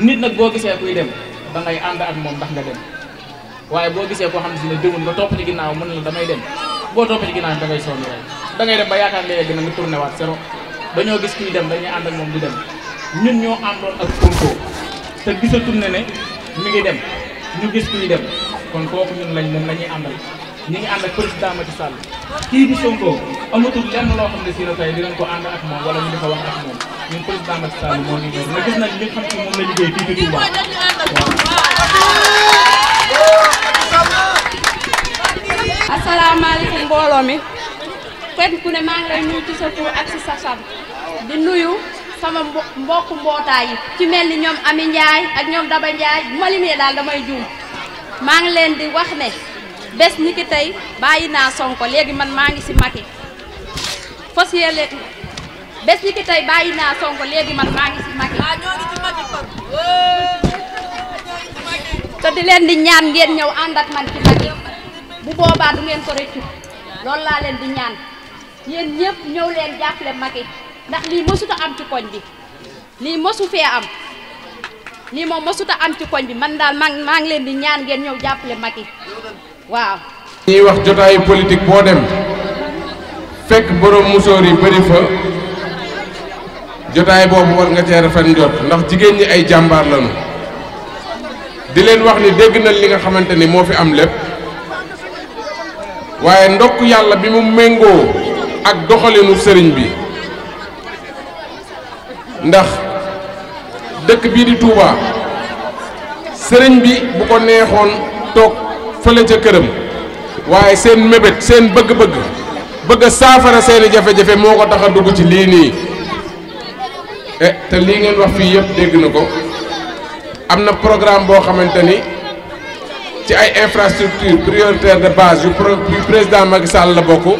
nit nag boo gisee kuy dem da ngay ànd ak moom ndax nga dem waaye boo gisee koo xam ne si ne demul nga topp ci ginnaaw mën la damay dem boo topp ci ginnaaw da ngay sonn rek da ngay dem ba yaakaar nga yegg na nga tourné waat zéro dañoo gis kuy dem dañuy ànd ak moom di dem ñun ñoo àndoon ak Sonko te gisatul ne ne mi ngi dem ñu gis kuy dem kon kooku ñun lañ moom la ñuy àndal ñu ngi ànd ak président Macky Sall kii di Sonko amatul lenn loo xam ne si la tey dinañ ko mbooloo mi kenn ku ne maa ngi lay nuyu ci sa tur ak ci sa di nuyu sama mbokku mbootaay yi ci mel ni ñoom Ami Ndiaye ak ñoom Daba Ndiaye bu daal damay juum maa ngi leen di wax ne bés ni ki tey bàyyi naa Sonko léegi man maa ngi si Macky fas yéene bés ni ki tey bàyyi naa Sonko léegi man maa ngi si Macky te di leen di ñaan ngeen ñëw ànd ak man ci Macky bu boobaa du ngeen ko rëccu loolu laa leen di ñaan yéen ñëpp ñëw leen jàppale Macky ndax lii mësuta am ci koñ bi lii mësu fee am lii moom mësuta am ci koñ bi man daal maa maa ngi leen di ñaan ngeen ñëw jàppale Macky waaw. ñuy wax jotaayu politique boo dem. fekk borom musóor yi bëri fa jotaay boobu war nga cee rafet njot ndax jigéen ñi ay jàmbaar lañu di leen wax ni dégg na li nga xamante ni moo fi am lépp waaye ndokk yàlla bi mu méngoo ak doxalinu sëriñ bi ndax dëkk bii di Touba sëriñ bi bu ko neexoon toog fële ca këram waaye seen mébét seen bëgg-bëgg bëgg a saafara seeni jafé jafe moo ko tax dugg ci li ni eh té li ngeen wax fi yépp dégg nako amna programme bo xamanteni ci ay infrastructure prioritaire de base yu président Macky Sall la bokku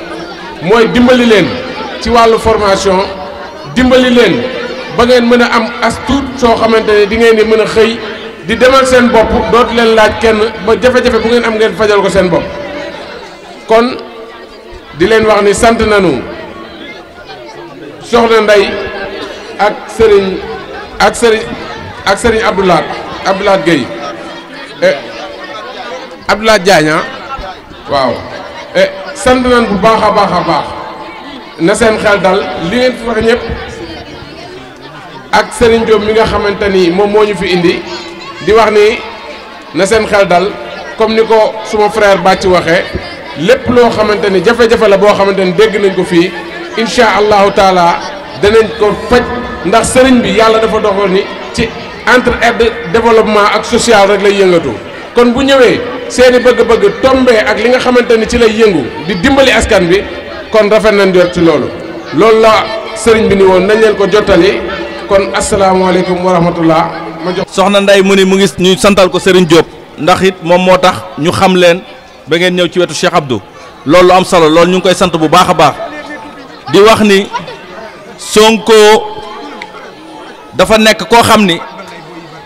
moy dimbali len ci walu formation dimbali len ba ngeen mëna am as tuut soo xamante di ngeen ni mëna xey di demal seen bop doot len laaj kenn ba jafé jafé bu ngeen am ngeen fajal ko seen bop kon. di leen wax ni sant nanu soxna Ndey ak sëriñ ak sëriñ ak sëriñ Abdoulaat Abdoulaat Gueye eh, Abdoulaat Diagne ah, waaw eh, sant nan bu baax a baax na seen xel dal li ngeen fi wax ñëpp ak sëriñ Diop mi nga xamante ni moom moo ñu fi indi di wax ni na seen xel dal comme ni ko suma frère Bàcc waxee lepp lo xamanteni jafé jafé la bo xamanteni dégg nañ ko fi insha allah taala danañ ko fajj ndax sëriñ bi yalla dafa doxal ni ci entre aide développement ak social rek lay yëngatu kon bu ñëwé seen bëgg-bëgg tombé ak li nga xamanteni ci lay yëngu di dimbali askan bi kon rafet nañ dër ci loolu loolu la sëriñ bi ni woon nañ leen ko jotali kon alaykum wa rahmatullah ma jox soxna Nday mu ni mu ngi ñuy santal ko sëriñ Diop ndax it mom motax ñu xam leen ba ngeen ñew ci wetu Cheikh Abdou loolu am solo loolu ñu ngi koy sant bu baaxa baax di wax ni Sonko dafa nek ko xamni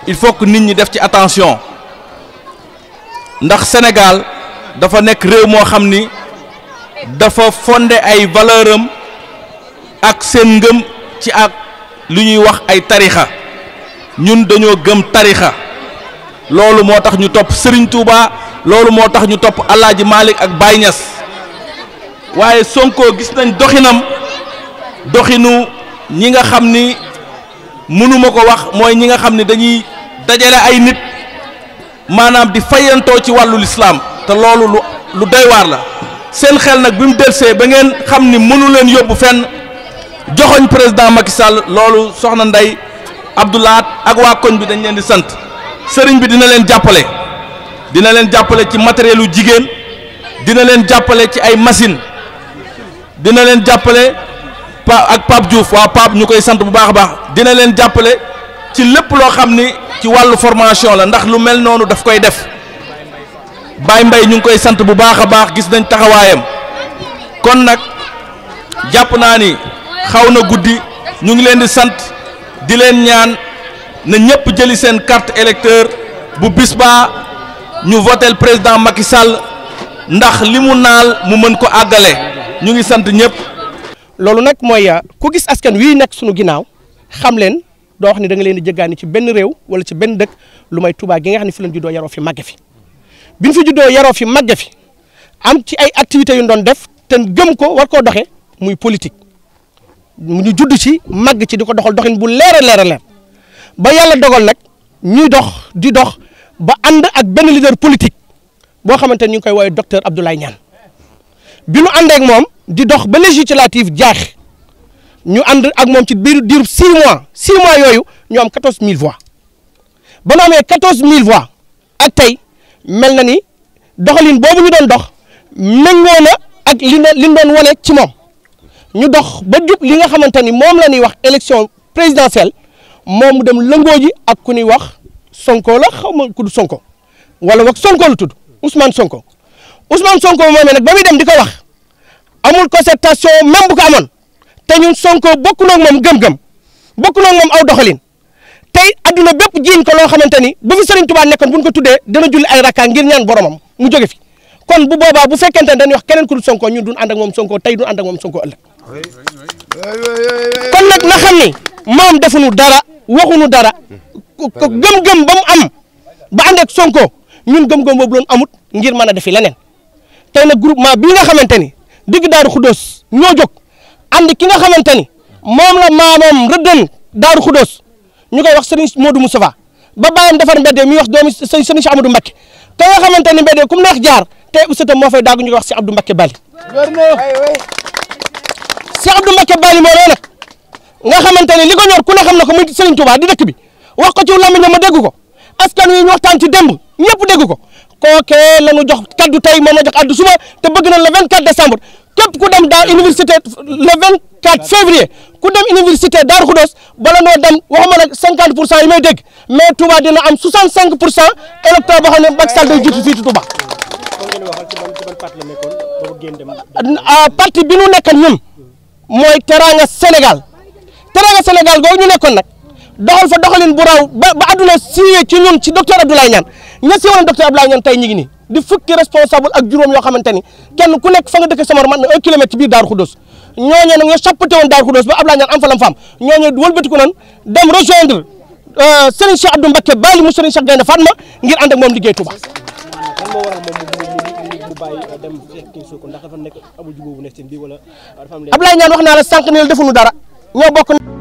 il faut que nit ñi def ci attention ndax Senegal dafa nek rew mo xamni dafa fondé ay valeuram ak seen ngeum ci ak lu ñuy wax ay tarixa ñun dañoo gëm tarixa loolu motax ñu top Serigne Touba lolou motax ñu top Alaaji malik ak Baye Niass waaye Sonko gis nañ doxinam doxinu ñi nga xamni ni mënuma wax moy ñi nga xamni dañuy dajale ay nit manam di fayanto ci walu l'islam te lolou lu lu doy war la seen xel nak bimu delsé ba ngeen xamni mënu leen fenn joxoñ président Macky Sall lolou soxna nday ak wa koñ bi dañ leen di sante serigne bi dina leen jappalé dina len jàppale ci matérielu jigen dina len jàppale ci ay machine dina len jàppale pa ak pap Diouf wa pap ñukoy sante bu baax baax dina len jàppale ci lepp lo xamni ci walu formation la ndax lu mel nonu daf koy def bay mbay ñu koy sant bu baaxa baax gis nañ taxawayam kon nak japp ni xaw ñu ngi leen di sant di leen ñaan na ñepp jëli seen carte électeur bu bisba ñu votel président Macky Sall ndax limu mu naal mu mën ko agalé ñu ngi sant ñëpp. loolu nag mooy euh, ku gis askan wi nekk suñu ginaaw xam leen do wax ni da nga leen di jëggaani ci benn réew wala ci benn dëkk lu may Touba gi nga xam ni fi lañ juddoo yaro fi màgge fi biñ fi yaro fi fi am ci ay activité yu ndon def te gëm ko war ko doxé muy politique ñu judd ci màgg ci di doxal doxine bu leer a ba yalla dogal nak ñuy dox di dox. ba ànd ak benn leader politique boo xamante ni ñu ngi koy woowee docteur Abdoulaye Niane bi nu àndee moom di dox ba législative jaax ñu ànd ak moom ci biir diir 6 mois 6 yooyu ñu am 14000 voix ba nu amee 14000 voix ak tey mel na ni doxalin boobu ñu doon dox méngoo na ak li li ñu doon wane ci moom ñu dox ba jub li nga xamante ni moom la ñuy wax élection présidentielle moom mu dem lëngoo ji ak ku ñuy wax. Sonko la xawma ku Sonko wala wak Sonko lu tudd Ousmane Sonko Ousmane Sonko momé nak bamuy dem di wax amul concertation même bu ko amone té ñun Sonko bokku na mom gem gem bokku bokk mom aw doxalin tay aduna bépp jiin ko lo xamanteni bu fi Serigne Touba nekkon buñ ko tuddé dana julli ay rakka ngir ñaan boromam mu joggé fi kon bu boba bu fekkenté dañ wax keneen ku Sonko ñun duñ and ak mom Sonko tay duñ and ak mom Sonko ëlëk kon nak na xamni mam defu nu dara nu dara. ko gëm-gëm ba mu am ba ànd ak Sonko ñun gëm-gëm boobu loon amut ngir mën a defi leneen tey nag groupement bii nga xamante ni digg daaru xudóos ñoo jóg ànd ki nga xamante ni moom la maamam rëddën daaru xudóos ñu koy wax sëriñ Modou Moustapha ba bàyyam defar mbedd mi wax doomi sëriñ sëriñ si Amadou Mbacké ka nga xamante ni mbedd ku mu jaar te usatam moo fay daagu ñu koy wax si Abdou Mbacké Bali si Abdou Mbacké Bali moo nag nga xamante ni li ko ñor ku ne xam na ko muy sëriñ Touba di dëkk bi wax ko ci lamb ma deggu ko askan wi waxtan ci demb ñepp deggu ko ko ke lañu jox kaddu tay mo ma jox addu suba te bëgg na le 24 décembre képp ku dem dans université le 24 février ku dem université dar khodos bala no dem waxuma nak 50 yi may deg mais Touba dina am 65 électeur bo xam ne sal day jiitu fi Touba. ah parti bi nu nekkoon ñun moy Teranga senegal Teranga senegal googu ñu nekkoon doxal fa doxalin bu raw ba aduna signé ci ñun ci docteur Abdoulaye ñi ci siiwoon docteur Abdoulaye ñan tay ñi ngi ni di fukki responsable ak juroom yo xamanteni kenn ku nekk fa nga dëkk samar man 1 km ci biir dar Khoudoss ñoñe nak ñoo chapoté won dar Khoudoss ba Abdoulaye ñan am fa lam fa am ñooñee wëlbatiku nan dem rejoindre euh, Serigne Cheikh Abdou Mbacké Bali mu Serigne Cheikh Gaynde Fatma ngir and ak mom liggéey Touba Abdoulaye Niane wax na la sank ne la nu dara ñoo bokk